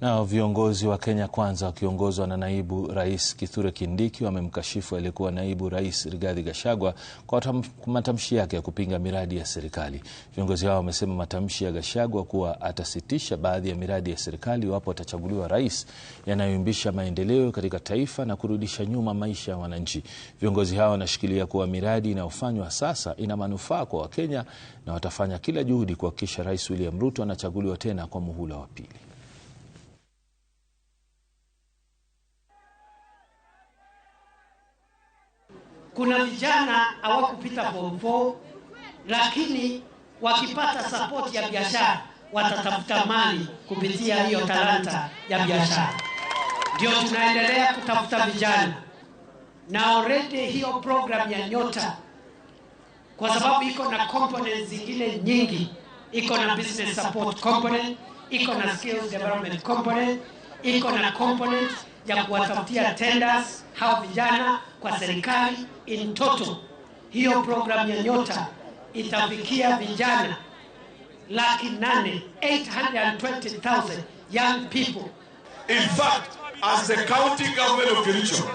Nao viongozi wa Kenya Kwanza wakiongozwa na naibu rais Kithure Kindiki wamemkashifu aliyekuwa naibu rais Rigathi Gachagua kwa matamshi yake ya kupinga miradi ya serikali. Viongozi hao wamesema matamshi ya Gachagua kuwa atasitisha baadhi ya miradi ya serikali iwapo atachaguliwa rais yanayoimbisha maendeleo katika taifa na kurudisha nyuma maisha ya wananchi. Viongozi hao wanashikilia kuwa miradi inayofanywa sasa ina manufaa kwa Wakenya na watafanya kila juhudi kuhakikisha Rais William Ruto anachaguliwa tena kwa muhula wa pili. kuna vijana hawakupita form 4 lakini wakipata support ya biashara watatafuta mali kupitia hiyo talanta ya biashara. Ndio tunaendelea kutafuta vijana na already hiyo program ya Nyota, kwa sababu iko na components zingine nyingi, iko na business support component, iko na skills development component, iko na components ya kuwatafutia tenders hao vijana kwa serikali in total. Hiyo programu ya Nyota itafikia vijana laki nane 820,000 young people. In fact, as the county government of Kericho,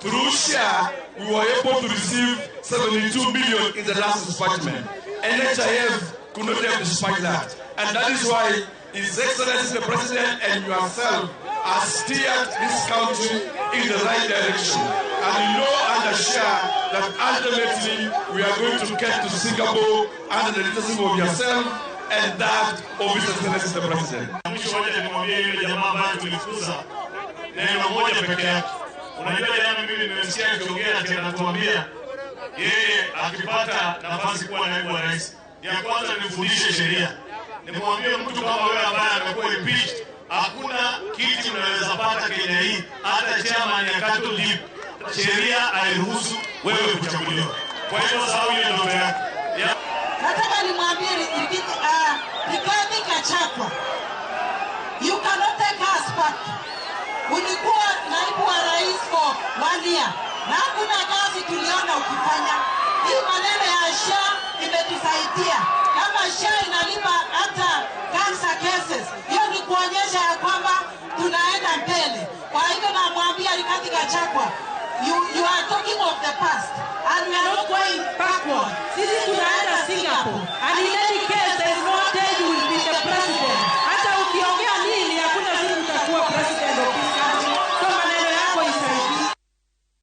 through share, we were able to receive 72 million in the last dispatchment. NHIF could not have despite that. And that is why His Excellency the President and yourself has steered this country in the right direction. And you know and assure that ultimately we are going to get to Singapore under the leadership of yourself and that of Mr. Senate President. Mwisho moja yeye akipata nafasi kuwa naibu wa rais, ya kwanza nimfundishe sheria, nimwambie mtu kama wewe ambaye amekuwa impeached hakuna kiti unaweza pata Kenya hii, hata chama ya Catholic sheria hairuhusu wewe kuchaguliwa. Kwa hiyo sababu hiyo ndoto yako. Nataka nimwambie Rigathi Gachagua, ah, you cannot take us back. Ulikuwa naibu wa rais for one year na hakuna kazi tuliona ukifanya. Hii maneno ya shaa kuonyesha ya kwamba tunaenda mbele. Kwa hivyo namwambia Rigathi Gachagua, you, you are talking of the past and we are not going backward. Sisi tunaenda